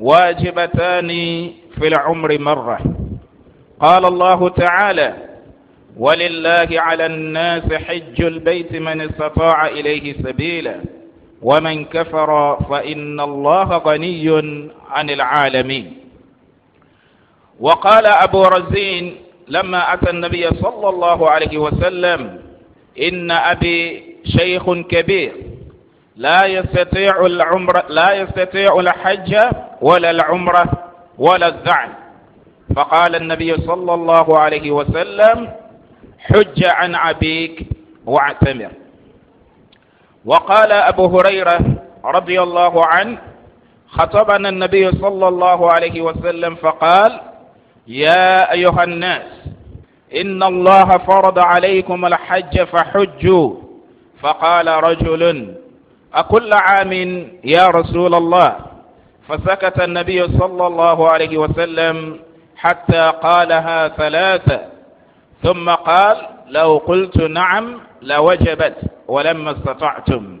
واجبتان في العمر مرة قال الله تعالى ولله على الناس حج البيت من استطاع إليه سبيلا ومن كفر فإن الله غني عن العالمين وقال أبو رزين لما أتى النبي صلى الله عليه وسلم إن أبي شيخ كبير لا يستطيع العمر لا يستطيع الحج ولا العمرة ولا الذعن فقال النبي صلى الله عليه وسلم حج عن عبيك واعتمر وقال أبو هريرة رضي الله عنه خطبنا النبي صلى الله عليه وسلم فقال يا أيها الناس إن الله فرض عليكم الحج فحجوا فقال رجل أكل عام يا رسول الله فسكت النبي صلى الله عليه وسلم حتى قالها ثلاثة ثم قال لو قلت نعم لوجبت ولما استطعتم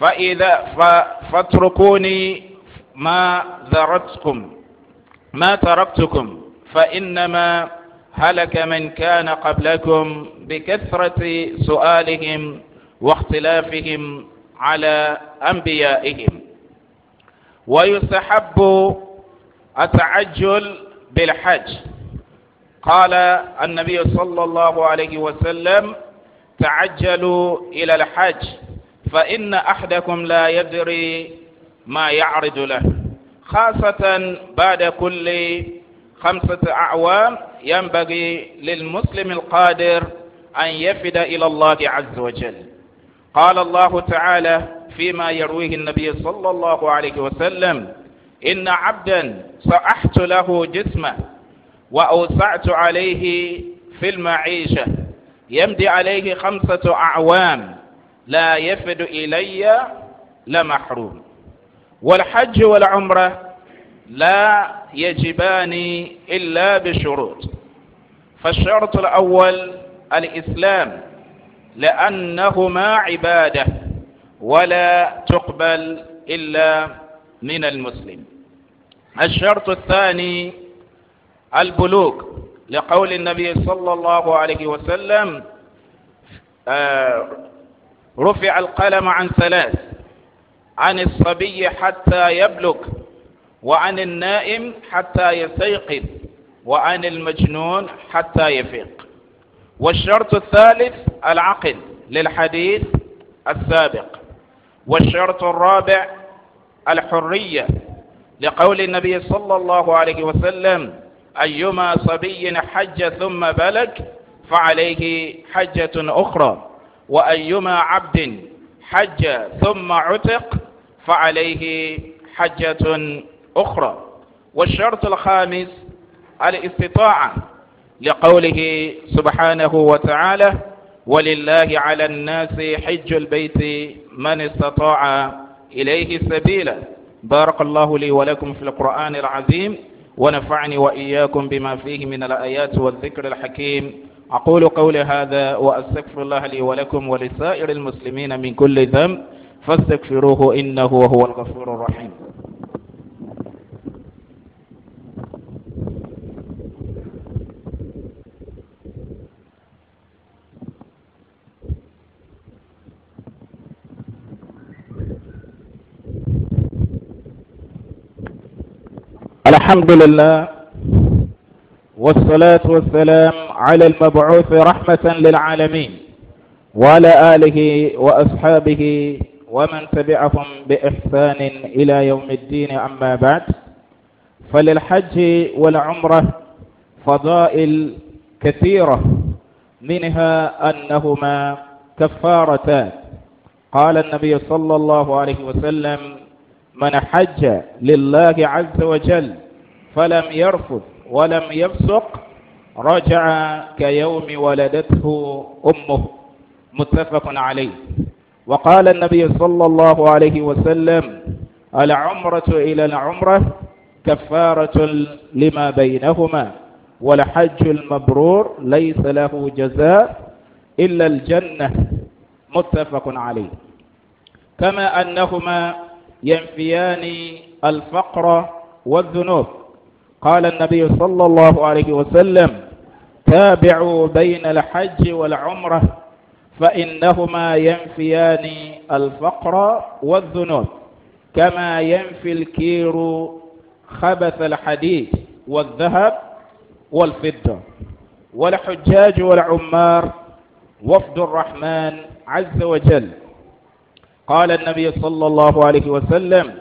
فإذا فاتركوني ما ذرتكم ما تركتكم فإنما هلك من كان قبلكم بكثرة سؤالهم واختلافهم على أنبيائهم ويستحب التعجل بالحج قال النبي صلى الله عليه وسلم تعجلوا إلى الحج فإن أحدكم لا يدري ما يعرض له خاصة بعد كل خمسة أعوام ينبغي للمسلم القادر أن يفد إلى الله عز وجل قال الله تعالى فيما يرويه النبي صلى الله عليه وسلم إن عبدا صأحت له جسمه وأوسعت عليه في المعيشة يمضي عليه خمسة أعوام لا يفد إلي لمحروم والحج والعمرة لا يجبان إلا بشروط فالشرط الأول الإسلام لأنهما عباده ولا تقبل إلا من المسلم الشرط الثاني البلوغ لقول النبي صلى الله عليه وسلم آه، رفع القلم عن ثلاث عن الصبي حتى يبلغ وعن النائم حتى يستيقظ وعن المجنون حتى يفيق والشرط الثالث العقل للحديث السابق والشرط الرابع الحرية لقول النبي صلى الله عليه وسلم أيما صبي حج ثم بلغ فعليه حجة أخرى وأيما عبد حج ثم عتق فعليه حجة أخرى والشرط الخامس الاستطاعة لقوله سبحانه وتعالى ولله على الناس حج البيت من استطاع إليه سبيلا بارك الله لي ولكم في القرآن العظيم ونفعني وإياكم بما فيه من الآيات والذكر الحكيم أقول قولي هذا وأستغفر الله لي ولكم ولسائر المسلمين من كل ذنب فاستغفروه إنه هو الغفور الرحيم الحمد لله والصلاة والسلام على المبعوث رحمة للعالمين وعلى آله وأصحابه ومن تبعهم بإحسان إلى يوم الدين أما بعد فللحج والعمرة فضائل كثيرة منها أنهما كفارتان قال النبي صلى الله عليه وسلم من حج لله عز وجل فلم يرفض ولم يفسق رجع كيوم ولدته أمه متفق عليه وقال النبي صلى الله عليه وسلم العمرة إلى العمرة كفارة لما بينهما والحج المبرور ليس له جزاء إلا الجنة متفق عليه كما أنهما ينفيان الفقر والذنوب قال النبي صلى الله عليه وسلم تابعوا بين الحج والعمرة فإنهما ينفيان الفقر والذنوب كما ينفي الكير خبث الحديد والذهب والفضة والحجاج والعمار وفد الرحمن عز وجل قال النبي صلى الله عليه وسلم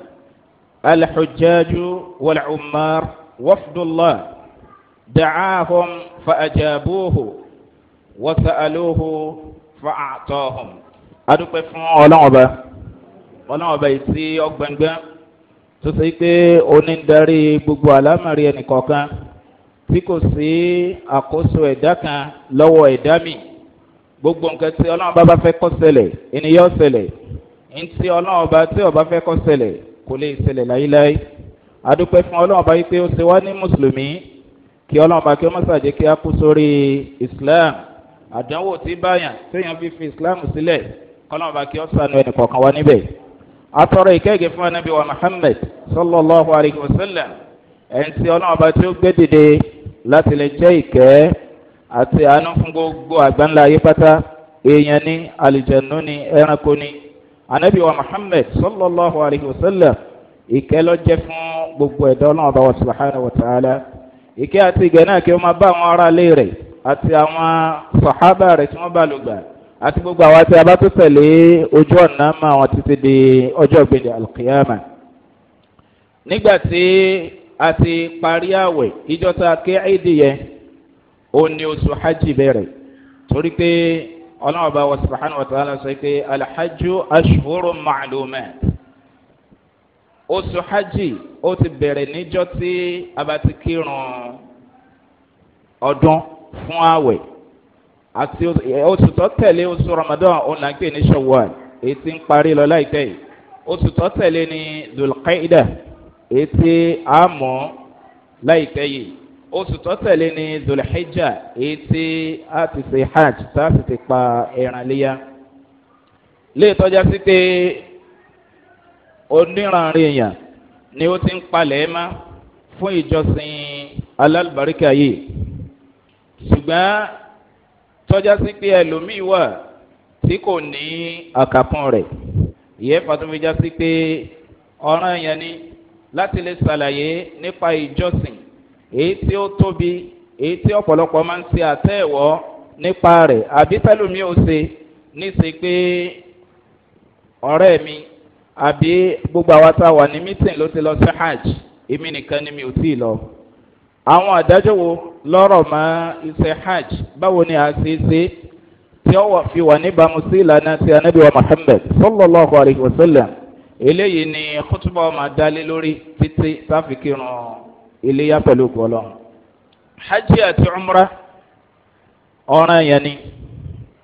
الحجاج والعمار وفد الله دعاهم فأجابوه وسألوه فأعطاهم adúpẹ́ fún ọlọ́run ọba ọlọ́run ọba yìí tí ọgbẹ̀ngbẹ́ tó ṣe pé onídarí gbogbo àlámàrí ẹnìkọ̀ọ̀kan tí kò sí àkóso ẹ̀dá kan lọ́wọ́ ẹ̀dá mi gbogbo nǹkan tí ọlọ́run ọba bá fẹ́ kọ́ sẹlẹ̀ ènìyàn sẹlẹ̀ ntí ọlọ́run ọba tí ọba fẹ́ kọ́ sẹlẹ̀ kò lè sẹlẹ̀ láyéláyé adúpẹ́ fún ọlọ́run bá wípé ó ṣe wá ní mùsùlùmí kí ọlọ́run kí ó má ṣàjẹ́ kí á kú sórí islam àdánwò tí báyàn téèyàn fi fi islam sílẹ̀ kọ́lọ́run bá kí ó sànú ẹnì kọ̀ọ̀kan wá níbẹ̀. atọ́rọ ìkẹ́gẹ́ fún anabi wa muhammed sallallahu alayhi wa sallam ẹ̀yìn tí ọlọ́run bá tí ó gbé dìde láti lè jẹ́ ìkẹ́ àti àánú fún gbogbo àgbáńlá ayé pátá èèyàn ní alìjẹ̀nú ní ẹranko ní anabi wa muhammed sallallahu alayhi wa sallam ìkẹ́ lọ fún gbogbo ẹ̀dọ́ náà bá wa subahana wa ta'ala ìkẹ́ àti ìgẹ̀ náà kí wọ́n máa bá àwọn ará ilé rẹ̀ àti àwọn sàhábà rẹ̀ tí wọ́n bá lò gbà àti gbogbo àwọn àti abátó ojú ọ̀nà mọ́ àwọn títí di ọjọ́ ìgbèdè alqiyama nígbà tí a ti parí àwẹ̀ ìjọta kéèdì yẹn ó oṣù hajj bẹ̀rẹ̀ torí pé ọlọ́run wa subahana wa ta'ala sọ pé alhajju ashhurun ma'lumat oṣù hajj ó ti bẹ̀rẹ̀ níjọ́ tí a bá ti kírun ọdún fún ààwẹ̀ àti oṣù tó tẹ̀lé oṣù ramadan òun là ń pè ní shawwal èyí ti ń parí lọ láìpẹ́ yìí oṣù tó tẹ̀lé ní dulqaida èyí ti á mọ̀ láìpẹ́ yìí oṣù tó tẹ̀lé ní dulhijja èyí tí a ti ṣe hajj tá a sì ti pa ẹran léyà lè tọ́já sí pé oníranrin èèyàn ni ó ti ń palẹ̀ ẹ́ má fún ìjọsìn alálùbáríkà yìí ṣùgbọ́n tọ́já sí pé ẹlòmíì wà tí kò ní àkàpọ̀n rẹ̀ ìyẹn fàtúnfẹ́já sí pé ọ̀ràn yẹn ni láti lè ṣàlàyé nípa ìjọsìn èyí tí ó tóbi èyí tí ọ̀pọ̀lọpọ̀ máa ń ṣe àtẹ̀wọ́ nípa rẹ̀ àbí tẹ́lómi ò ṣe ní ṣe pé ọ̀rẹ́ mi àbí gbogbo àwa tá a wà ní mítìn ló ti lọ sí hajj èmi nìkan ni mi ò tí ì lọ. àwọn àdájọ́ wo lọ́rọ̀ mọ́ iṣẹ́ hajj báwo ni a ṣe ṣe tí ó fi wà níbàámu sí ìlànà ti anabi wa muhammed sallallahu alayhi wa sallam eléyìí ni kótóbá ọmọ adálé lórí títí sáfìkìrún iléyà pẹ̀lú gbọ́lọ́. hajj àti umra ọ̀ràn yẹn ni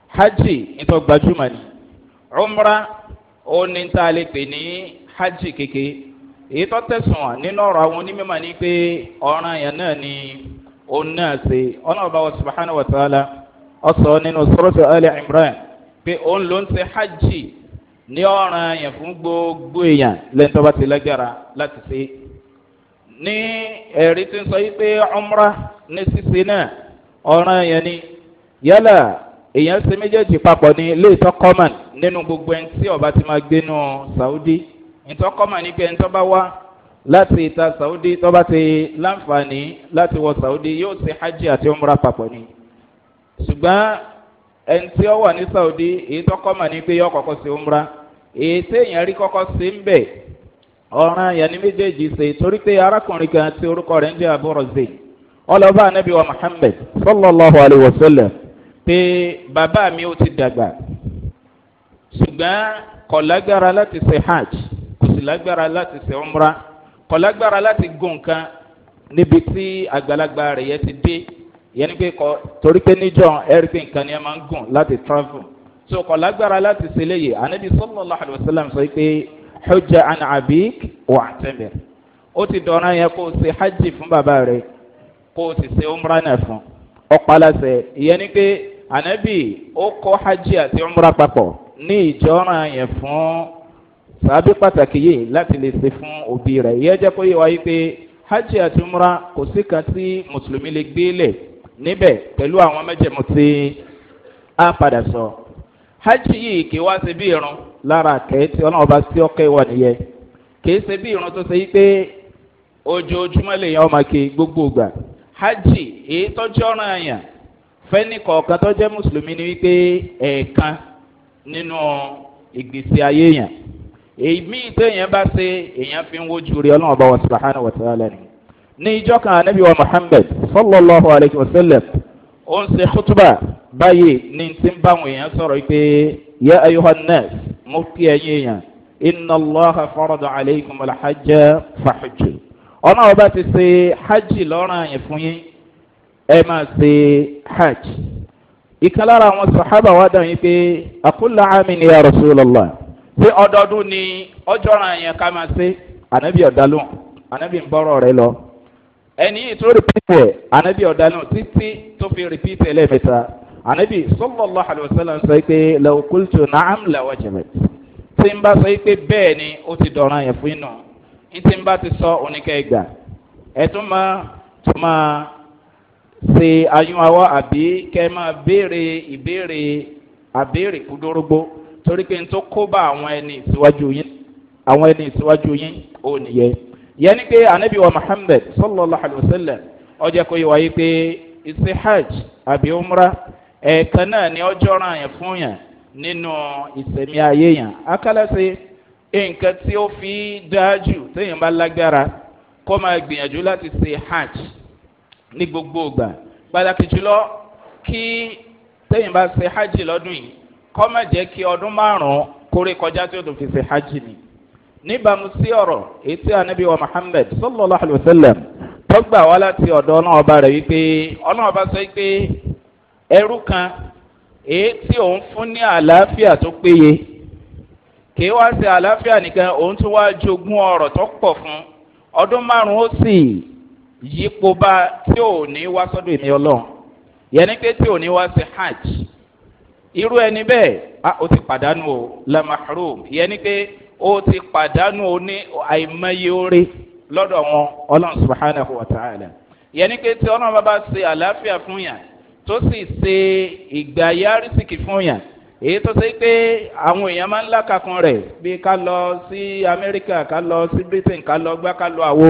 hajj ìtọ́gbàjúmọ̀ ni umra ó ní tá a lè pè ní hajj kéke èyí tó tẹ̀sán nínú ọ̀rọ̀ àwọn onímọ̀ ni pé ọ̀ràn yẹn náà ni òun náà ṣe ọlọ́ọ̀bá wa subahana wa ta'ala ọ̀sọ̀ nínú sọ́rọ́sọ̀ ali imran pé òun ló ń ṣe hajj ní ọ̀ràn yẹn fún gbogbo èèyàn lẹ́yìn tó bá ti lágbára láti ṣe ní ẹ̀rí tí ń sọ yìí pé ọmọra ní ṣíṣe náà ọ̀ràn yẹn ni yálà èèyàn ṣe méjèèjì papọ̀ ní ilé ìtọ́ kọ́mọ̀n nínú gbogbo ẹni tí ọba ti máa gbénu saudi ìtọ́kọ́mọ̀ ní pé ẹni tó bá wá láti ìta saudi tó bá ti láǹfààní láti wọ saudi yóò ti hajj àti umra papọ̀ ni ṣùgbọ́n ẹni tí ó wà ní saudi èyí tọ́kọ́mọ̀ ní pé yọ kọ́kọ́ sí umra èyí téèyàn rí kọ́kọ́ sí ń bẹ̀ ọ̀ràn yẹn ní méjèèjì ṣe torí pé arákùnrin kan tí orúkọ rẹ̀ ń jẹ́ àbúrò ọlọ́ba anabi wa muhammed sallallahu alayhi wa sallam pé bàbá mi ó ti dàgbà ṣùgbọ́n kò lágbára láti ṣe hajj kò sì lágbára láti ṣe umra kò lágbára láti gùn kan níbi tí àgbàlagbà rẹ̀ yẹ ti dé yẹn ni pé kọ torí pé níjọ ẹ̀rí pé ni ẹ máa ń gùn láti travel so kò lágbára láti ṣe léyè anabi sallallahu alayhi wa sallam sọ pé hujja an abik wa atamir ó ti dọ̀rọ̀ yẹn kó o ṣe hajj fún bàbá rẹ̀ kó o ṣe umra náà fún ọ̀pá láṣẹ pé anabi ó kọ́ hajj àti umra papọ̀ ní ìjọ́ràn yẹn fún sàbí pàtàkì yìí láti lè ṣe fún òbí rẹ̀ ìyẹn jẹ́ kó yẹ wáyé pé hajj àti umra kò sí kan tí mùsùlùmí lè gbé lẹ̀ níbẹ̀ pẹ̀lú àwọn mẹ́jẹ̀mú tí a padà sọ. hajj yìí kì í wá sí bí irun lára kẹ́ tí ọlọ́run bá sí ọkẹ́ wà nìyẹn kì í ṣe bí irun tó ṣe yí pé ojoojúmọ́ lèèyàn ọmọ kì gbogbo gbà hajj èyí tọ́jú ọ̀ràn àyàn fẹ́ni kọ̀ọ̀kan tó mùsùlùmí ni wípé ẹ̀ẹ̀kan nínú ìgbésí ayé yẹn èmi téèyàn bá ṣe èèyàn fi ń wojú rí ọlọ́run ọba wàsílà hàn wàsílà lẹ́nu ní ìjọ kan anabi wa muhammed sallallahu alayhi wa sallam ó ń ṣe kútùbà báyìí ní ti ń bá àwọn èèyàn sọ̀rọ̀ pé yẹ ayọ́hán nẹ́ẹ̀sì mo kí ẹyin èèyàn iná lọ́ha fọ́rọ̀dọ̀ aleikum alhajjá fàájù ọ̀nà ọba ti ṣe hajj lọ́rùn àyẹ̀fún yín ẹ máa ṣe hajj. ìkan lára àwọn sàhábà wa dàn yín pé àkúlà àmì ya rasulallah ṣé ọdọọdún ni ọjọ́ ra yẹn ká máa ṣe ànábì ọ̀dàlùn ànábì ń bọ́rọ̀ rẹ lọ ẹni tó rìpítì ẹ̀ ànábì ọ̀dàlùn títí tó fi rìpítì ẹ̀ lẹ́ẹ̀mẹta ànábì sọlọ́lá àlùsọ́lá sọ pé lẹ́wọ̀kúlùtù náà ń làwọn jẹ̀mẹ̀ tí ń bá sọ pé bẹ́ẹ̀ ni ó ti dọ̀ràn yẹn fún inu. ti se ayún awọ́ àbí kẹ́ máa béèrè ìbéèrè àbéèrè kúdórógbó torí pé n tó kó bá àwọn ẹni ìsíwájú yín àwọn ẹni ìsíwájú yín ò nìyẹn yẹn ni pé anabi wa muhammed sallallahu alayhi wa sallam ọjà kò yẹ wáyé pé ìsì hajj àbí umra ẹ̀ẹ̀kan náà ni ọjọ́ ràn yẹn fún yẹn nínú ìsẹ̀mí ayé yẹn akálẹ́sẹ̀ nǹkan tí ó fi dáa jù téèyàn bá lágbára kó máa gbìyànjú láti ṣe hajj ní gbogbo ìgbà pàtàkì jùlọ kí sẹ́yìn bá ṣe hajj lọ́dún yìí kọ́ má jẹ́ kí ọdún márùn kórè kọjá tí ó tún fi ṣe hajj ni níbàámu sí ọ̀rọ̀ èyí tí anabi wa muhammed sallallahu alayhi wa sallam tọ́gbà wá láti ọ̀dọ̀ ọlọ́ọ̀ba rẹ̀ wípé ọlọ́ọ̀ba sọ pé ẹrú kan èyí tí òun fún ní àlàáfíà tó péye kì í wá sí àlàáfíà nìkan òun tún wá jogún ọ̀rọ̀ tó pọ̀ fún ọdún márùn ó sì yípo bá tí ò ní wá sọ́dọ̀ èmi ọlọ́run yẹnni pé tí ò ní wá sí hajj irú ẹni bẹ́ẹ̀ a ó ti pàdánù o lamahrum yẹnni pé ó ti pàdánù o ní àìmọye orí lọ́dọ̀ wọn ọlọ́run subahánahu wa ta'ala yẹnni pé tí ọlọ́run bá bá ṣe àlàáfíà fún yàn tó sì ṣe ìgbà yárísìkì fún yàn èyí tó ṣe pé àwọn èèyàn máa ń lákàkún rẹ̀ bí ká lọ sí amẹ́ríkà ká lọ sí britain ká lọ gbá ká lọ àwo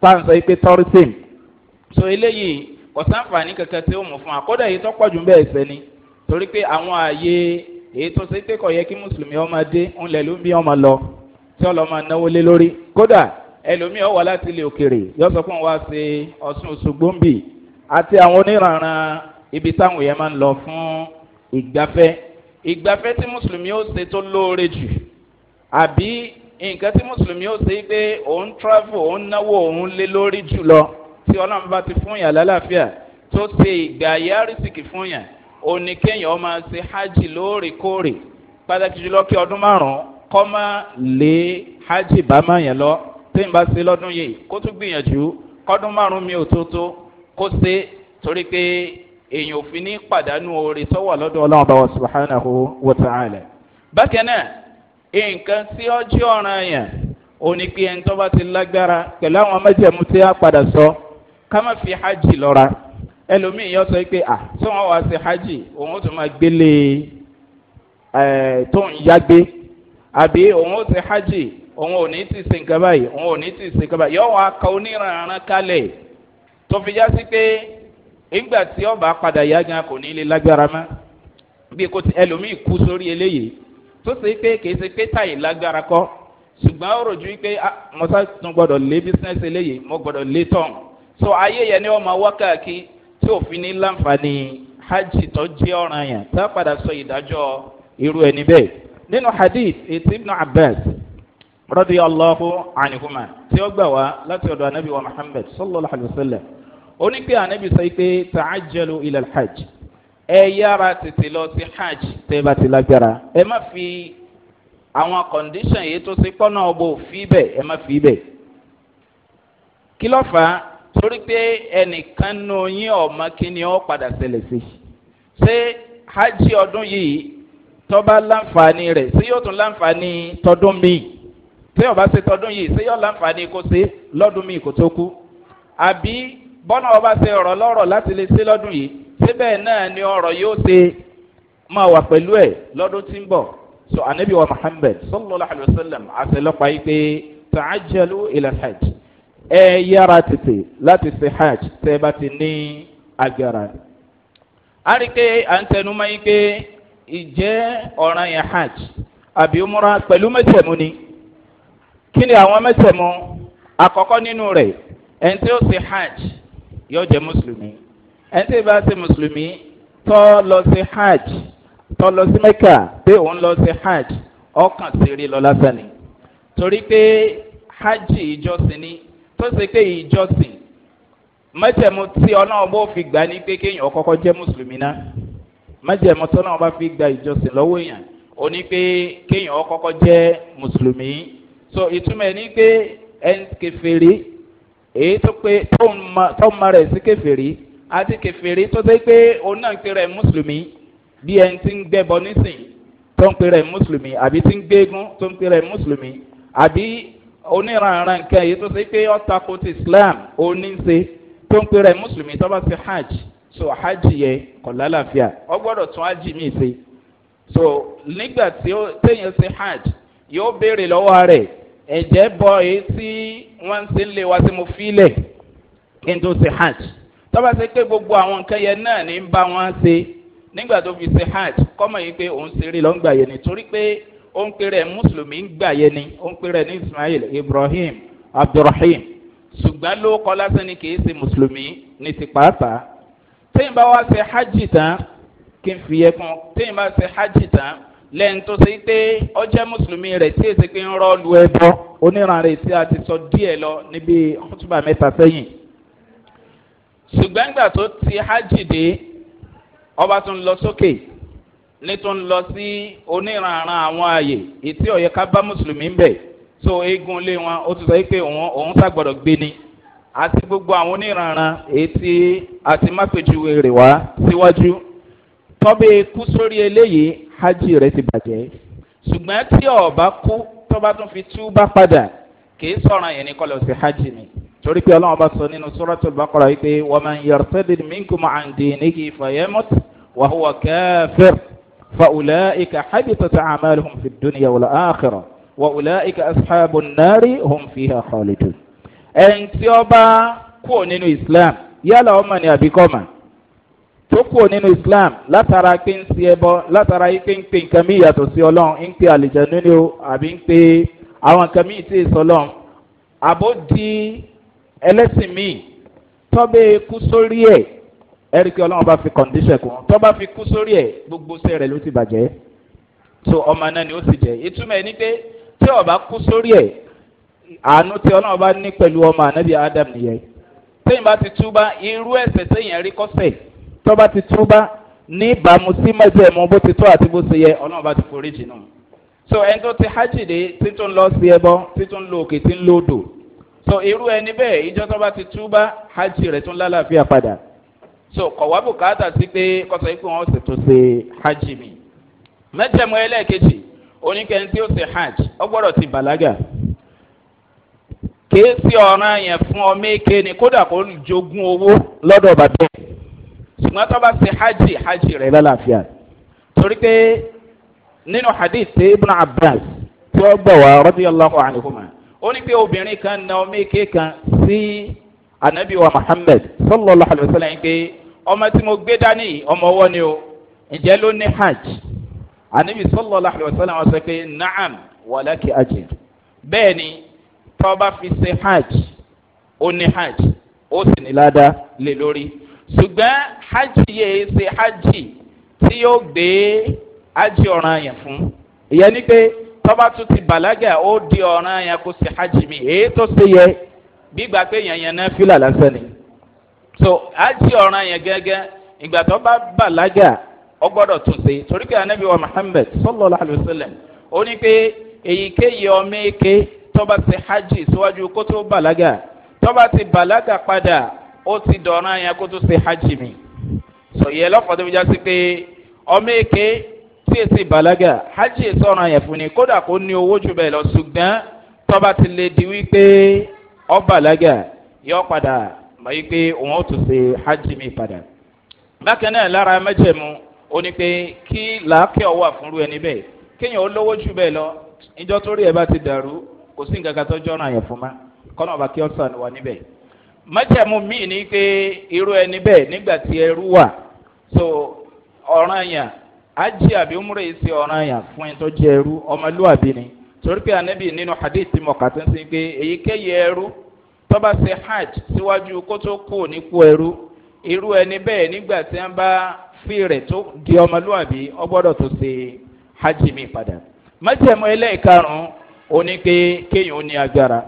táwọn sọ pé tourism so eléyìí kò sáǹfààní kankan tí ó mú fún wa kódà èyí tó pọ̀jù bẹ́ẹ̀ sẹ́ ni torí pé àwọn ààyè èyí tó ṣe pé kò yẹ kí mùsùlùmí ọmọ dé ńlẹ̀ ló ń bí ọmọ lọ tí ọlọ́mọ náwó lé lórí kódà ẹlòmíì ọ̀wà láti ilé òkèrè yọ sọ fún wa ṣe ọ̀sùn òṣùgbó ń àti àwọn oníranran ibi táwọn yẹn máa ń lọ fún ìgbafẹ́ ìgbafẹ́ tí mùsùlùmí ó ṣe tó lóore jù àbí nǹkan tí mùsùlùmí ó ṣe pé òun travel òun náwó òun lé lórí jùlọ tí ọlọ́run bá ti fún yàn lálàáfíà tó ṣe ìgbà ayé àrísìkì fún yàn òní kéèyàn máa ṣe hajj lóòrèkóòrè pàtàkì jùlọ kí ọdún márùn-ún kọ́ máa lé hajj bá máa yàn lọ tí n bá ṣe lọ́dún yìí kó tún gbìyànjú kọ́dún márùn-ún mi ò tó tó kó ṣe torí pé èèyàn ò fi ní pàdánù oore tó wà ọlọ́run bá wà subhanahu wa ta'ala. bákan náà nǹkan tí ọjọ́ ọ̀ràn yẹn òní pé ẹni tó bá ti lágbára pẹ̀lú àwọn mẹ́jẹ̀mú tí a padà sọ ká má fi hajj lọ́ra ẹlòmíì yọ sọ pé à tí wọ́n wá sí hajj òun ó máa gbélé ẹ̀ tó ń yágbé àbí òun ó ti hajj òun ò ní ti ṣe nǹkan báyìí òun ò ní ti ṣe nǹkan báyìí yọ ka tó fi já sí pé ìgbà tí ọba padà yá gan kò ní lè lágbára ti ẹlòmíì kú sórí tó ṣe pé kì í ṣe pé táyì lágbára kọ́ ṣùgbọ́n ó rojú pé ah, mo sá tún gbọ́dọ̀ lé bísínẹ́sì eléyìí mo gbọ́dọ̀ lé tán so ayé yẹn ni wọ́n máa wá káàkiri tí òfin ní láǹfààní hajj tó jẹ́ ọ̀ràn yẹn tá a padà sọ ìdájọ́ irú ẹni bẹ́ẹ̀ nínú hadith etí ibn abbas rọ́bì allahu anihuma tí ó gbà wá láti ọ̀dọ̀ anabi wa muhammed sallallahu alayhi wa sallam ó ní pé anabi sọ pé tàcájẹ́lu ilẹ̀ hajj ẹ yára tètè lọ sí hajj tẹ bá ti lágbára ẹ má fi àwọn kọ̀ǹdíṣàn yìí tó ti pọ́nà ọ̀bọ̀ fi bẹ̀ ẹ má fi bẹ̀. kí ló fà á torí pé ẹnìkan nù yín ọ̀mọ́ kí ni ó padà ṣẹlẹ̀ sí. ṣé hajj ọdún yìí tọ́ba láǹfààní rẹ̀ ṣé yóò tún láǹfààní tọdún míì ṣé ọba ṣe tọdún yìí ṣé yóò láǹfààní kó ṣe lọ́dún míì kó tó kú àbí bọ́nà ọba ṣe ọ̀rọ̀ lọ́rọ̀ láti lè ṣe lọ́dún yìí síbẹ̀ náà ni ọ̀rọ̀ yóò ṣe máa wà pẹ̀lú ẹ̀ lọ́dún tí ń bọ̀ so anabi wa muhammed sallallahu alayhi wa sallam àti lọ́pàá yìí pé tàájẹ́lu ilẹ̀ hajj ẹ yára tètè láti ṣe hajj tẹ́ bá ti ní agbára. a rí i pé à ń tẹnumọ́ yìí pé ìjẹ́ ọ̀ràn yẹn hajj àbí múra pẹ̀lú mẹ́tẹ̀mú ni kí ni àwọn mẹ́tẹ̀mú àkọ́kọ́ nínú rẹ̀ ẹni tí ó ṣe hajj yóò jẹ́ mùsùlùmí ẹtí bá ṣe mùsùlùmí tọ́ lọ sí hajj tọ́ lọ sí mẹ́kà pé òun lọ sí hajj ọkàn sírí lọ lásán ni torí pé hajj ìjọsìn ni tó ṣe pé ìjọsìn mẹ́tẹ̀mú tí ọlọ́run bó fi gbà ní pé kéèyàn kọ́kọ́ jẹ́ mùsùlùmí náà mẹ́tẹ̀mú tí ọlọ́run fi gba ìjọsìn lọ́wọ́ èèyàn ó ní pé kéèyàn kọ́kọ́ jẹ́ mùsùlùmí so ìtumọ̀ ẹ̀ ní pé ẹn kẹfẹ́rí èyí tó pé tó ń ma rẹ̀ sí kẹfẹ́rí àti kẹfìrí tó dé pé òun náà ń pe rẹ̀ mùsùlùmí bí ẹni tí ń gbẹ́bọ nísìn tó ń pe rẹ̀ mùsùlùmí àbí tí ń gbégún tó ń pe rẹ̀ mùsùlùmí àbí oníranran nǹkan èyí tó ṣe pé ọ̀tako ti islam oníṣe tó ń pe rẹ̀ mùsùlùmí tó bá ti hajj so hajj yẹ kọ̀ lálàáfíà ọ gbọ́dọ̀ tún hajj mi ṣe so nígbà tí ó téèyàn ṣe hajj yóò béèrè lọ́wọ́ rẹ̀ ẹ̀jẹ̀ bọ èyí tí wọ́n ń ṣe ń lé wa sí mo fi lẹ̀ kí n tó ṣe hajj tọ́ba ṣe pé gbogbo àwọn nǹkan yẹn náà ní ń bá wọn ṣe nígbà tó fi ṣe hajj kọ́mọ̀ yìí pé òun ṣe rí lọ́ngbà yẹn ni torí pé ó ń pèrè mùsùlùmí ń gbà yẹn ni ó ń pèrè ní ismail ibrahim abdulrahim ṣùgbọ́n ló kọ́ lásán ni kìí ṣe mùsùlùmí ní ti pàápàá téèyàn bá wá ṣe hajj tán kí n fi yẹ kún téèyàn bá ṣe hajj tán lẹ́yìn tó ṣe pé ọ jẹ́ mùsùlùmí rẹ̀ tí èsì pé ń rọ́ọ̀lù ẹ̀bọ oníranre tí a ti sọ díẹ̀ lọ níbi ọtúbà mẹ́ta sẹ́yìn ṣùgbọ́n nígbà tó ti hajj dé ọba tún lọ sókè ní tún lọ sí oníranran àwọn ààyè ètí ọ̀yẹ́ ká bá mùsùlùmí ń bẹ̀ so eégún lé wọn ó ti sọ pé òun òun ṣàgbọ̀dọ̀ gbé ni àti gbogbo àwọn oníranran ètí àti mápèjúwe rè wá síwájú tọ́bẹ̀ kú sórí eléyìí hajj rẹ̀ ti bàjẹ́ ṣùgbọ́n tí ọba kú tọ́ba tún fi tú padà kì í sọ̀ràn yẹn ní kọlọ̀ sí hajj mi torí pé ọlọ́run bá sọ nínú sọ́rọ́tò bàkọ́rọ̀ yìí pé wọ́n máa ń yọrọ sẹ́dẹ̀ẹ́dì mínkù máa ń dín nígi ìfàyẹ́mọ́t wàhùwà kẹfẹ́r fàwùlẹ́ ìka xabitata àmàlù hùn fi dúnìyà wọlé àkàrọ̀ wàhùlẹ́ ìka asxaabu nàárì hùn fi hà xọ́lìtù. ẹ̀yìn tí ó bá kú nínú islam yálà ọmọ ni àbíkọ́mà tó kú nínú islam látara pé ń si ẹbọ látara pé ń pè nǹkan mí yàtọ̀ sí ọlọ́run ń pè àlìjẹ́ nínú àbí ń pè àwọn nǹkan mí ì ẹlẹ́sìn míì tọ́bẹ̀ kú sórí ẹ̀ ẹ̀rí kí ọlọ́run bá fi kọ̀ǹdíṣẹ̀ kù tọ́ bá fi kú sórí ẹ̀ gbogbo sẹ́ rẹ̀ ló ti bàjẹ́ so ọmọ náà ni ó sì jẹ́ ìtumọ̀ ẹ̀ ni pé tí ọba kú sórí ẹ̀ àánú tí ọlọ́run bá ní pẹ̀lú ọmọ ànábì adam nìyẹn sẹ́yìn bá ti túbá irú ẹ̀sẹ̀ sẹ́yìn ẹ̀rí kọ́sẹ̀ tọ́ ti túbá ní ìbámu sí mẹ́tẹ̀ẹ̀mú bó ti tó àti bó ti yẹ ọlọ́run bá ti forí jìnnà so ẹni tó ti hajj dé títún lọ sí ẹbọ títún lo òkè tí ń lo odò so irú ẹni bẹ́ẹ̀ ìjọ tó bá ti túbá hajj rẹ̀ tún lálàáfíà padà so kọ̀wá bùkátà sí pé kọ́sọ̀ yìí pé wọ́n sì tún ṣe hajj mi mẹ́tẹ̀mú ẹlẹ́ẹ̀kejì oníkẹ́ni tí ó ṣe hajj ọ gbọ́dọ̀ ti bàlágà kìí sí ọ̀ràn yẹn fún ọmọ èké ni kódà kó jogún owó lọ́dọ̀ bàbá ẹ̀ ṣùgbọ́n tó bá ṣe hajj hajj rẹ̀ lálàáfíà torí pé nínú hadith ibn abbas tí wọ́n gbọ̀ wá rọ́bíyàlláhu àníkùmá ó ní pé obìnrin kan na ọmọ èké kan sí anabi wa muhammed sallallahu alayhi wa sallam pé ọmọ tí mo gbé dání ọmọ ọwọ́ ni o ǹjẹ́ ló ní hajj anabi sallallahu alayhi wa sallam wọ́n sọ pé naam wàlákì ajé bẹ́ẹ̀ ni tọ́ba fi ṣe hajj ó ní hajj ó sì ní ládàá lé lórí ṣùgbọ́n hajj yẹ ṣe hajj tí yóò gbé hajj ọ̀ràn yẹn fún ìyẹn ni pé tọ́ba tún ti bàlágà ó di ọ̀ràn yẹn kó sì hajj mi èyí tó ṣe yẹ gbígbà pé yẹn náà fílà lásán ni so hajj ọ̀ràn yẹn gẹ́gẹ́ ìgbà tó bá bàlágà ó gbọ́dọ̀ tún ṣe torí pé anabi wa muhammed sallallahu alayhi wa sallam ó ní pé èyíkéyìí ọmọ èké tọ́ba ti hajj síwájú kó tó bàlágà tọ́ba ti bàlágà padà ó ti dọ̀ràn yẹn kó tó ṣe hajj mi so yẹ lọ́kọ̀ọ́ tó fi já sí pé ọmọ èké. tí èsì bàlágà hajj sọ̀rọ̀ yẹn fún ni kódà kó ní owó jù bẹ́ẹ̀ lọ ti lè di wípé ọ bàlágà yọ padà mọ̀ wípé òun ó tún ṣe hajj mi padà. bákan náà lára mẹ́jẹ̀mú ó ní pé kí làákẹ́ ọwọ́ àfúnrú ẹni bẹ́ẹ̀ kéèyàn ó lówó ti dàrú kò sí nǹkan kan tó yẹn fún ma kọ́nà kí wà níbẹ̀. mẹ́jẹ̀mú ní pé so ọ̀ràn yẹn hajj àbí umre yìí ṣe ọ̀ràn fún ẹni tó ẹrú ni torí pé anabi nínú hadith tí ń sin pé èyíkéyìí hajj síwájú kó kú nípò ẹrú irú ẹni bẹ́ẹ̀ nígbà tí fi rẹ̀ tó di ọmọlúwàbí ọ tó ṣe hajj mi padà májèmọ́ ẹlẹ́ẹ̀karùn-ún pé kéèyàn ó ní agbára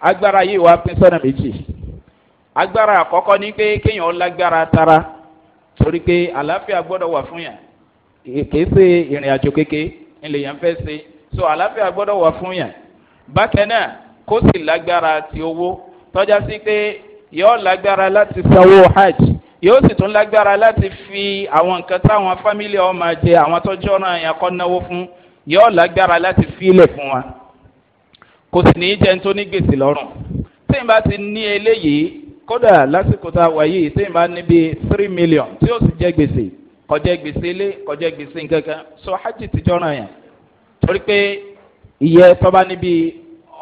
agbára yìí wá pín sọ́nà méjì agbára àkọ́kọ́ ní tara torí pé àlàáfíà wà fún yàn kìí ṣe ìrìn àjò kéke ńlẹ̀ yẹn fẹ́ ṣe so àlàáfíà gbọ́dọ̀ wà fún yẹn bákan náà kó sì lágbára ti owó tọ́já sí pé yóò lágbára láti sanwó hajj yóò sì tún lágbára láti fi àwọn nǹkan táwọn fámìlì ọmọ jẹ àwọn tọ́jú ọ̀ràn yẹn kọ́ náwó fún yóò lágbára láti fílẹ̀ fún wa kò sì ní í jẹun tó ní gbèsè lọ́rùn tí n bá ti ní eléyìí kódà lásìkò tá a wà tí n bá ní three million tí ó sì jẹ gbèsè kọjá gbèsè ilé kọjá gbèsè nkankan sọ hajj ti jọ́ràn yẹn torí pé iye tọ́ba níbi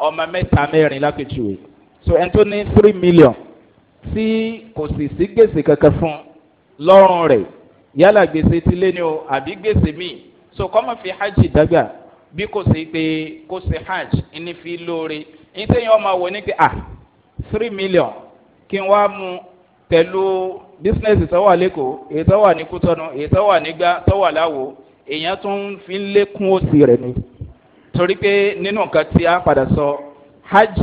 ọmọ mẹ́ta mẹ́rin lápẹ̀tùwé so ẹni ní three million tí kò sì sí gbèsè kankan fún lọ́rùn rẹ̀ yálà gbèsè ti lé ní o àbí gbèsè míì so kọ́mọ fi hajj dàgbà bí kò sí pé kò sí hajj ní fi lóore ní sẹ́yìn wò ní pé ah three million kí n wá mú pẹ̀lú bísínẹ́sì tó wà lẹ́kọ̀ọ́ èyí tó wà ní kútọ́nù èyí tó wà nígbà tó wà láwo èèyàn tó ń fi lékún òsì rẹ̀ ni torí pé nínú nǹkan tí a padà sọ hajj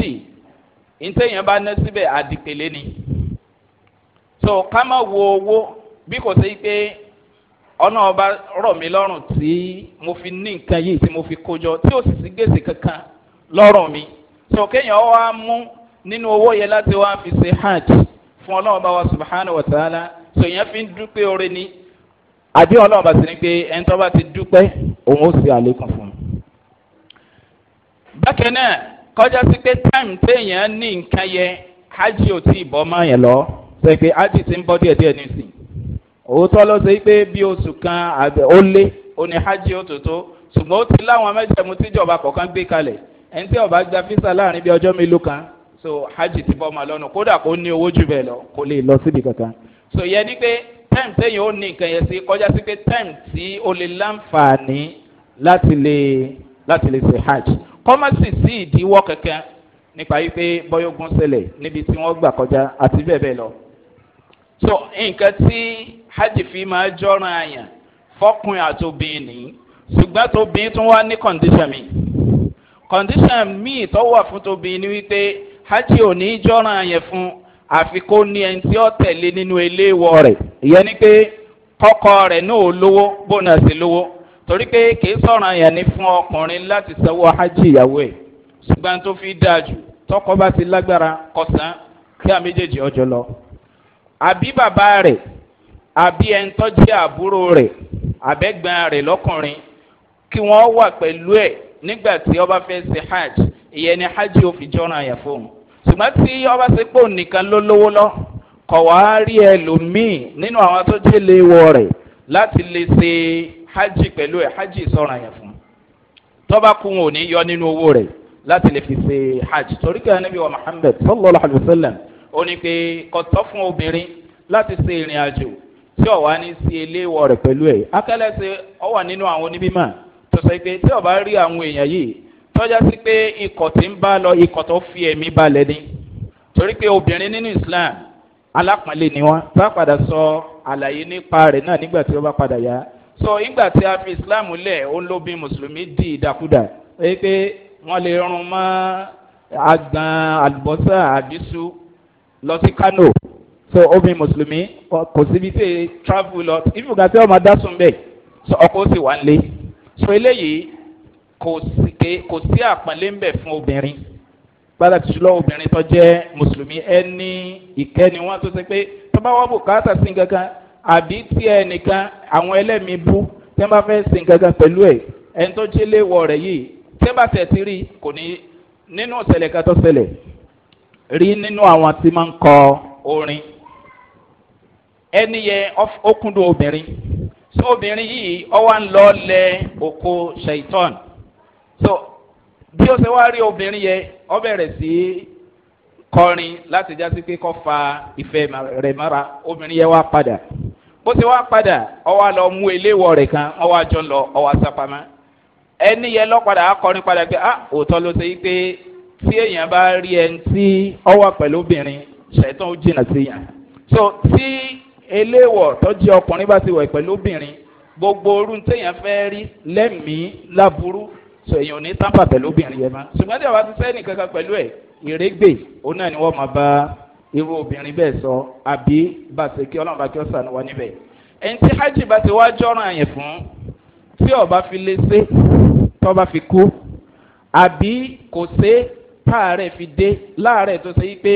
ntẹ̀yìn bá ná síbẹ̀ àdìpẹ̀lẹ́ ni so ká má wo owó bí kò sí pé ọ̀nà ọba rọ̀ mí lọ́rùn tí mo fi ní nǹkan yìí tí mo fi kójọ tí ò sì sí gbèsè kankan lọ́rùn mi so kéèyàn wá mú nínú owó yẹn láti wá fi ṣe hajj fún ọlọ́run bá wa subhanahu wa ta'ala sèyàn fi ń dúpẹ́ orin ni àbí ọlọ́run bá sì ní pé ẹni tó bá ti dúpẹ́ òun ó sì àlékún fún un. bákan náà kọjá sí pé táìmù téèyàn ní nǹkan yẹ hajj ò tí ì bọ́ mọ́ yẹn lọ sọ pé hajj ti ń bọ́ díẹ̀ díẹ̀ nísìnyí òótọ́ ló ṣe pé bí oṣù kan ó lé ó hajj ó tó tó ṣùgbọ́n ó ti láwọn mẹ́jẹ̀mú tíjọba kọ̀ọ̀kan gbé kalẹ̀ ẹni tí ọba gba físà láàrin bí ọjọ́ mélòó kan so hajj ti bọ́ ma lọ́nu kódà kó ní owó jù bẹ́ẹ̀ lọ kó lè lọ síbi kankan so yẹ ni pé time tẹ̀yìn ó ní nǹkan yẹn sí kọjá sí pé time tí ó lè láǹfààní láti lè láti lè ṣe hajj kọ́mọ̀sì sí ìdíwọ́ kankan nípa yìí pé bọ́yọ̀gùn ṣẹlẹ̀ níbi tí wọ́n gbà kọjá àti bẹ́ẹ̀ bẹ́ẹ̀ lọ so nǹkan tí hajj fi máa jọ́ran àyàn fọkùnrin àtòbìnrin nìyí ṣùgbọ́n tóbìnrin tún wá ní condition mi condition mi tó wà fún tóbìnrin ni wípé hajj ò ní jọ́ràn yẹn fún àfi kó ní ẹni tí ó tẹ̀lé nínú eléwọ́ rẹ̀ ìyẹn ni pé kọ́kọ́ rẹ̀ náà lówó bóun àti lówó torí pé kì í sọ̀ràn yẹn ni fún ọkùnrin láti sanwó hajj ìyàwó ẹ̀ ṣùgbọ́n tó fi dáa jù tọkọ bá ti lágbára kọsàn kí a méjèèjì ọjọ́ lọ àbí bàbá rẹ̀ àbí ẹni tó jẹ́ àbúrò rẹ̀ àbẹ́gbọ́n rẹ̀ lọ́kùnrin kí wọ́n wà pẹ̀lú ẹ̀ nígbà tí ọba fẹ́ ṣe hajj ìyẹn ni hajj ò fi jọ́ràn yẹn fóun ṣùgbọ́n tí ọba ṣe pò nìkan ló lówó lọ kọ̀ wá rí ẹlòmíì nínú àwọn tó jẹ́ léwọ rẹ̀ láti lè ṣe hajj pẹ̀lú ẹ̀ hajj sọ̀ràn yẹn fún tọ́ba kú wọn ò ní yọ nínú owó rẹ̀ láti lè fi ṣe hajj torí kí ẹni bí wa muhammed sallallahu alayhi wa sallam ó ní pé kọ̀tọ́ fún obìnrin láti ṣe ìrìn àjò tí ọ̀wá ní sí eléwọ̀ rẹ̀ pẹ̀lú ẹ̀ akẹ́lẹ́sẹ̀ ọ̀wà nínú àwọn oníbímọ̀ tó sọ pé tí ọ̀bá rí àwọn èèyàn yìí tọ́já sí pé ikọ̀ tí ń bá lọ ikọ̀ tó fi ẹ̀mí balẹ̀ ni torí pé obìnrin nínú islam alápọ̀nlé ni wọ́n bá padà sọ àlàyé nípa rẹ̀ náà nígbà tí ó bá padà yá so ìgbà tí a fi islam lẹ̀ ó ló bí mùsùlùmí di ìdàkudà ẹ pé wọ́n lè rún mọ́ agbọn àlùbọ́sà àbísú lọ sí kano so ó bí mùsùlùmí kò síbi tí travel lọ ìfúgà tí wọ́n máa dá sùn so ọkọ̀ ó sì wà ń lé so eléyìí kò sí pé kò sí àpọ́nlé ń bẹ̀ fún obìnrin pàtàkì jùlọ obìnrin tó jẹ́ mùsùlùmí ẹni ìkẹ́ni wọn tó ṣe pé tó bá wà bùkátà sí kankan àbí tí ẹnìkan àwọn ẹlẹ́mìí bú tí wọ́n bá fẹ́ sin kankan pẹ̀lú ẹ̀ ẹni tó jẹ́ léwọ̀ rẹ̀ yìí tí wọ́n bá tẹ̀ sí rí kò ní nínú ìṣẹ̀lẹ̀ kan tó ṣẹlẹ̀ rí nínú àwọn tí máa ń kọ orin ẹni yẹn ó kúndùn obìnrin so obìnrin yìí ọ ń lọ lẹ òkú ṣèitán so bí ó ṣe wá rí obìnrin yẹn ọ bẹ̀rẹ̀ sí kọrin láti jásí pé kọ́ fa ìfẹ́ rẹ̀ mọ́ra obìnrin yẹn wá padà bó ṣe wá padà ọ wá lọ mú eléwọ̀ rẹ̀ kan ọ wá jọ lọ ọ wá sápamọ́ ẹni yẹn lọ akọrin padà pé ah òótọ́ ló ṣe yí pé tí èèyàn bá rí ẹni tí ọ wà pẹ̀lú obìnrin ṣẹ̀tàn ó jìnnà sí yàn so tí eléwọ̀ tọ́jú ọkùnrin bá ti wẹ̀ pẹ̀lú obìnrin gbogbo orú téèyàn fẹ́ rí lẹ́mìí láburú sọ èyàn ò ní sábà pẹ̀lú obìnrin yẹn mọ́ ṣùgbọ́n tí a bá ti sẹ́ni kankan pẹ̀lú ẹ̀ ìrégbè òun náà ni wọ́n máa bá irú obìnrin bẹ́ẹ̀ sọ àbí bàtẹ kí ọlọ́run bá kí ọ sànù wá níbẹ̀ ẹni tí hajj bá ti wá jọ́ràn àyẹ̀ fún tí ọba fi lé sé tọ́ba fi kú àbí kò sé táàrẹ̀ fi dé láàrẹ̀ tó ṣe pé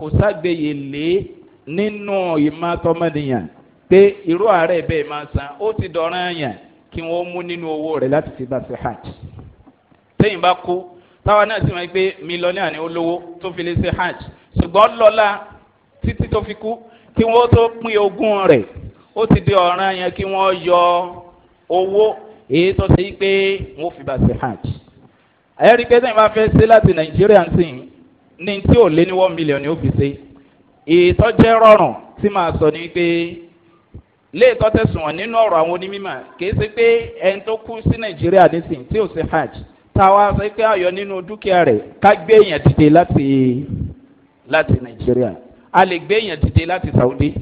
kò ságbéyè lé nínú ìmọ̀ tọmọdéyàn pé irú àárẹ̀ bẹ́ẹ̀ máa san ó ti dọ̀ràn yàn kí wọ́n mú nínú owó rẹ̀ láti fi bá ṣe hajj téyìn bá kú táwa náà sì máa gbé mílíọ̀nìà ní olówó tó fi lè ṣe hajj ṣùgbọ́n lọ́la títí tó fi kú kí wọ́n tó pín ogún rẹ̀ ó ti di ọ̀ràn yẹn kí wọ́n yọ owó èyí tó ṣe pé wọ́n fi bá ṣe hajj. ẹ̀rí pé téyìn bá fẹ́ ṣe láti nàìjíríà sìn ní tí ò lé ní one million ni ó fi ṣe ìtọ́jẹ́ rọrùn tí màá sọ ni pé léètọ́ tẹ̀sùn wọn nínú ọ̀rọ̀ àwọn onímọ̀ kì í ṣe pé ẹni tó kú sí nàìjíríà nísìnyí tí ò ṣe hajj táwa sọ pé ayọ̀ nínú dúkìá rẹ̀ ká gbé èèyàn dìde láti láti nàìjíríà a lè gbé èèyàn dìde láti saudi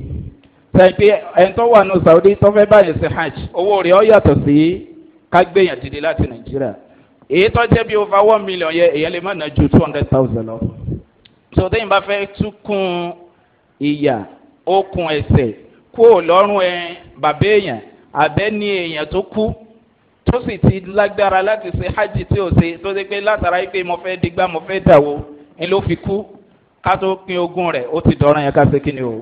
sẹ́yìn pé ẹni tó wà ní saudi tó fẹ́ báyìí sí hajj owó rẹ̀ ọ yàtọ̀ sí ká gbé èèyàn dìde láti nàìjíríà èyí tó jẹ́ bí over one million yẹ èèyàn lè má ná ju two hundred thousand lọ so téèyàn bá fẹ́ tún kún ìyà okùn ẹ̀sẹ̀ kó o lọ́rùn ẹ bàbá èèyàn àbẹ́ni èèyàn tó kú tó sì ti lágbára láti ṣe hajj tí ò ṣe tó ṣe pé látara yìí pé mo fẹ́ digbá mo fẹ́ dàwó ni ló fi kú ká tó pin ogun rẹ̀ ó ti dọ̀ràn yẹn ká ṣe kí ni o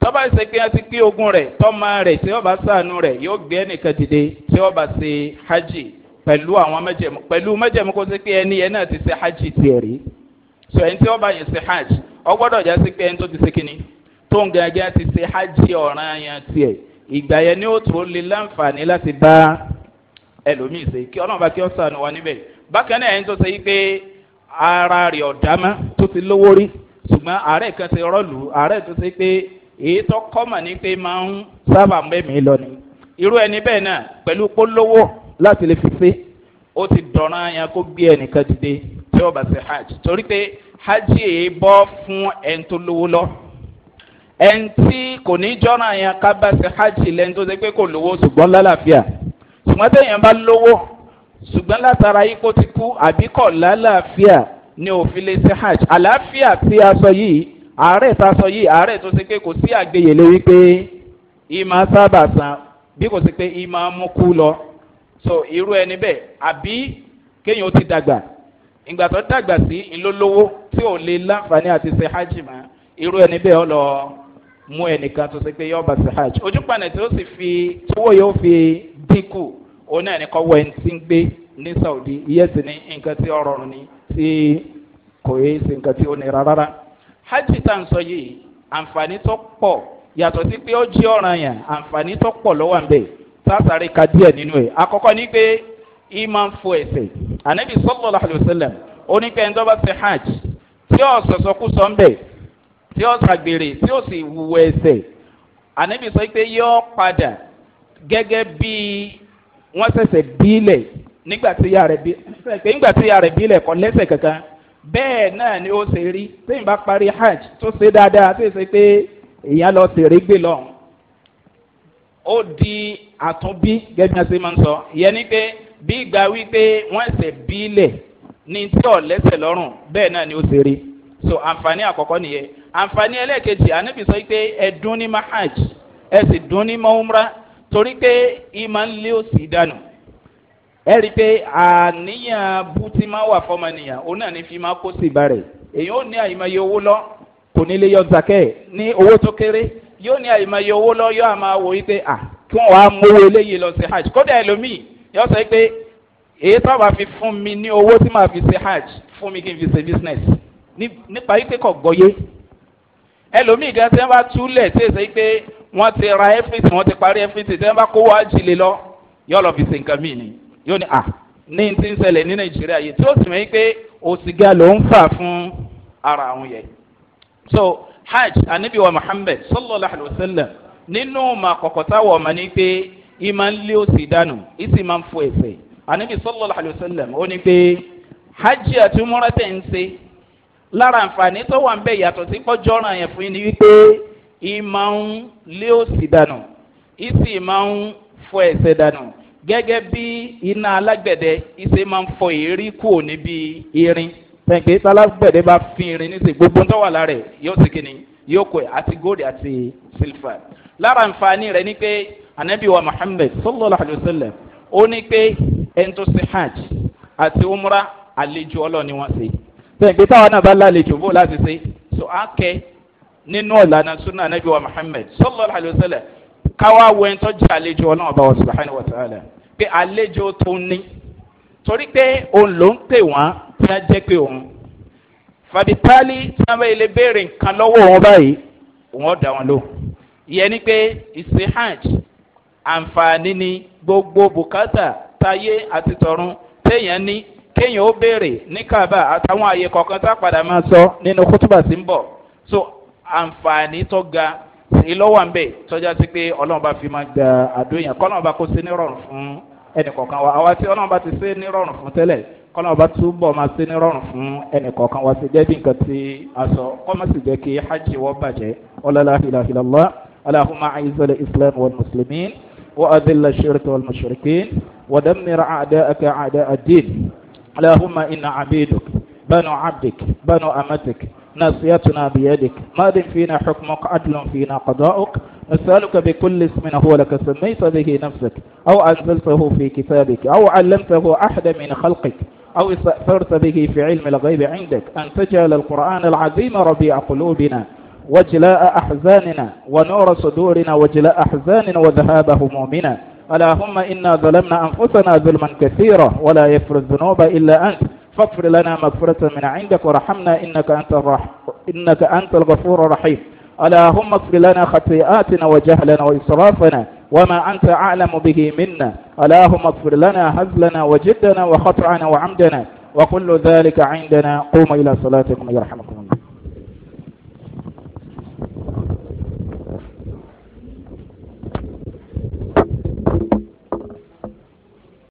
tọ́ba ṣe pé wọ́n ti pín ogun rẹ̀ tọ́mọ rẹ̀ tí ọba sànù rẹ̀ yóò gbé ẹnìkan dìde tí ọba ṣe hajj pẹ̀lú àwọn mẹ́jẹ̀mú pẹ̀lú mẹ́jẹ̀mú kó ṣe pé ẹni yẹn náà ti ṣe hajj tiẹ̀ rí so ẹni tí ọba yẹn ṣe hajj ọgbọ́dọ̀ já sí pé ẹni tó ti ṣe kínní tó ń gẹ́gẹ́ ti ṣe hajj ọ̀ràn yẹn tiẹ̀ ìgbà yẹn ni ó tó lè láǹfààní láti bá ẹlòmíì ṣe kí ọlọ́run bá kí ọ sànù wa níbẹ̀ bákan náà ẹni tó ṣe yí pé ara rẹ̀ ọ̀dámá tó ti lówó rí ṣùgbọ́n àárẹ̀ kan ti rọ́ọ̀lù àárẹ̀ tó ṣe pé èyí tó kọ́mọ̀ ní pé máa ń sábà mẹ́mí lọ ni irú ẹni bẹ́ẹ̀ náà pẹ̀lú polówó láti lè fi ṣe ó ti dọ̀ràn yẹn kó gbé ẹnìkan dìde tí ó bá ṣe hajj torí pé hajj èyí bọ́ fún ẹni tó lówó lọ ẹni tí kò ní jọ́ràn yẹn ká bá ṣe hajj lẹ́ni tó ṣe pé kò lówó ṣùgbọ́n lálàáfíà ṣùgbọ́n téèyàn bá lówó ṣùgbọ́n látara yìí kó ti kú àbíkọ̀ lálàáfíà ni òfin lè ṣe hajj àlàáfíà tí a sọ yìí àárẹ̀ tá a sọ yìí àárẹ̀ tó ṣe pé kò sí àgbéyẹ̀lé wípé ìmọ̀ sábà san bí kò sí pé ìmọ̀ mú kú lọ so irú ẹni bẹ́ẹ̀ àbí kéèyàn ó ti dàgbà ìgbà tó dàgbà sí ńlọ́lọ́wọ́ tí ò lè láǹfààní àti ṣe hajj mọ́ irú ẹni bẹ́ẹ̀ ọ lọ mú ẹnìkan tó ṣe pé yọ̀ọ́ bá ṣe hajj ojú pàǹdà tí ó sì fi tí yóò fi dínkù òun náà ní kọ́ wọ ẹni tí ń gbé ní saudi iye sì ní nǹkan tí ó rọrùn ni tí kò yé sí nǹkan tí ó nira rárá. hajj tá à ń sọ yìí àǹfààní tó pọ̀ yàtọ̀ sí pé ó jí ọ̀ràn yẹn àǹfààní tó pọ̀ ló wà ń bẹ̀ sásàrè ka díẹ̀ nínú ẹ̀ àkọ́kọ́ ni pé ìmọ̀ ń fo ẹ̀sẹ̀ ànábì sọ́lọ́ àlùsílẹ̀m onípẹ̀ ẹni tó bá ti hajj tí ó sọ̀sọ̀kú sọ ń bẹ̀ tí ó sàgbèrè tí ó sì wù ẹ̀sẹ̀ ànábì sọ pé yóò padà gẹ́gẹ́ bí wọ́n ṣẹ̀ṣẹ̀ bílẹ̀ nígbà tí ya rẹ̀ bí pé nígbà tí ya rẹ̀ bílẹ̀ kọ́ lẹ́sẹ̀ kankan bẹ́ẹ̀ náà ni ó ṣe rí téyìn bá parí hajj tó ṣe dáadáa tó ṣe pé èèyàn lọ sèré gbé lọ́hùn ó di àtúnbí gẹ́gẹ́ bí wọ́n ṣe máa ń sọ ìyẹn ni pé bí ìgbà wípé wọ́n ṣẹ̀ bílẹ̀ ní tí ò lẹ́sẹ̀ lọ́rùn bẹ́ẹ̀ náà ni ó ṣe rí so àǹfààní àkọ́kọ́ nìyẹn àǹfààní ẹlẹ́ẹ̀kejì ànábì sọ pé ẹ̀dún ní mahaj ẹ dún ní mọ́úmra torí pé ìmọ̀ ń lé òsì dànù ẹ rí i pé àníyàn bú ti máa wà fọmọnìyàn òun náà ní fi máa kó sí ìbárẹ̀ èyí ò ní àyìnbáyé owó lọ kò ní lè yọ zakẹ́ ní owó tó kéré yóò ní àyìnbáyé owó lọ yóò máa wò yí pé à kí wọ́n wàá mówó eléyìí lọ sí hajj kódà ẹlòmíì yọ sọ pé èyí tó bá fi fún mi ní owó tí màá fi ṣe hajj fún mi kí n fi ṣe business nípa yí pé kò gbọ́yé ẹlòmíì gan tí wọ́n bá túlẹ̀ tí èsè pé wọ́n ti ra ẹ́fíìsì wọ́n ti parí ẹ́fíìsì tí wọ́n bá kó wájú lé lọ yóò lọ fi ṣe nǹkan mí ni yóò ní à ah, ní ti ń ṣẹlẹ̀ ní nàìjíríà yìí tí ó sì mọ̀ pé òsìgá ló ń fà fún ara àwọn yẹn. so hajj anabi wa muhammed sallallahu alayhi wa sallam nínú ma kọ̀kọ̀tà wọ̀ ọ̀ma ni pé ìmọ̀ ń lé òsì dànù ìsì máa ń fọ ẹ̀fẹ̀ anabi sallallahu alayhi wa sallam ó ní pé hajj àti múratẹ̀ ń ṣe lára àǹfààní tó wà ń bẹ̀ yàtọ̀ sí pọ́jọ́ràn yẹn fún yín ni wípé ìmọ̀ ń lé òsì dànù ìsì máa ń fọ ẹ̀sẹ̀ dànù gẹ́gẹ́ bí iná alágbẹ̀dẹ ìsì máa ń fọ èérí kúrò níbi irin pẹ̀kẹ́ tálágbẹ̀dẹ bá fi irin ní sè gbogbo tó wà lára ẹ̀ yóò sì kíni yóò kọ àti gold àti silver lára nfààní rẹ̀ ni pé anabiwa muhammed sallallahu alayhi wa sallam ó ní pé ẹni tó ṣe hajj àti umrah àlejò ọlọ́ọ̀ni wọn ṣe pẹ̀kẹ́ táwọn náà bá lálejò bó láti ṣe so á kẹ́ nínú ọ̀làna sunna anabi wa muhammed sallallahu alayhi wa sallam káwá wẹ́ntọ́ jẹ́ àlejò ọlọ́run ọba wa subahana wa ta'ala pé àlejò tó ní torí pé òun ló ń pè wọ́n tí wọ́n jẹ́ pé òun fàbítálì tí wọ́n bá ilé béèrè nǹkan lọ́wọ́ òun báyìí òun ọ̀dà wọn lò ìyẹn ni pé ìsìn hajj àǹfààní ni gbogbo bùkátà táyé àti tọrun téèyàn ní kéèyàn ó béèrè ní kaaba àtàwọn àyè kọ̀ọ̀kan tá a padà máa sọ nínú kútùbà sí ń bọ̀ so àǹfààní tó ga ìlọ́wà ń bẹ̀ tọ́já sí pé ọlọ́run bá fi máa gba àdóyàn kọ́lọ́run bá kó sí nírọ̀rùn fún ẹnìkọ̀ọ̀kan wa àwa tí ọlọ́run bá ti sí nírọ̀rùn fún tẹ́lẹ̀ kọ́lọ́run bá túbọ̀ máa sí nírọ̀rùn fún ẹnìkọ̀ọ̀kan wa sì jẹ́ bí nǹkan tí a sọ kọ́mọ̀ jẹ́ kí hajj wọ́n bàjẹ́ ọlọ́lá ناصيتنا بيدك ماض فينا حكمك عدل فينا قضاؤك نسألك بكل اسم هو لك سميت به نفسك أو أنزلته في كتابك أو علمته أحد من خلقك أو استأثرت به في علم الغيب عندك أن تجعل القرآن العظيم ربيع قلوبنا وجلاء أحزاننا ونور صدورنا وجلاء أحزاننا وذهاب همومنا اللهم إنا ظلمنا أنفسنا ظلما كثيرا ولا يفر الذنوب إلا أنت فاغفر لنا مغفرة من عندك ورحمنا إنك أنت الرحم إنك أنت الغفور الرحيم اللهم اغفر لنا خطيئاتنا وجهلنا وإسرافنا وما أنت أعلم به منا اللهم اغفر لنا هزلنا وجدنا وخطأنا وعمدنا وكل ذلك عندنا قوم إلى صلاتكم يرحمكم الله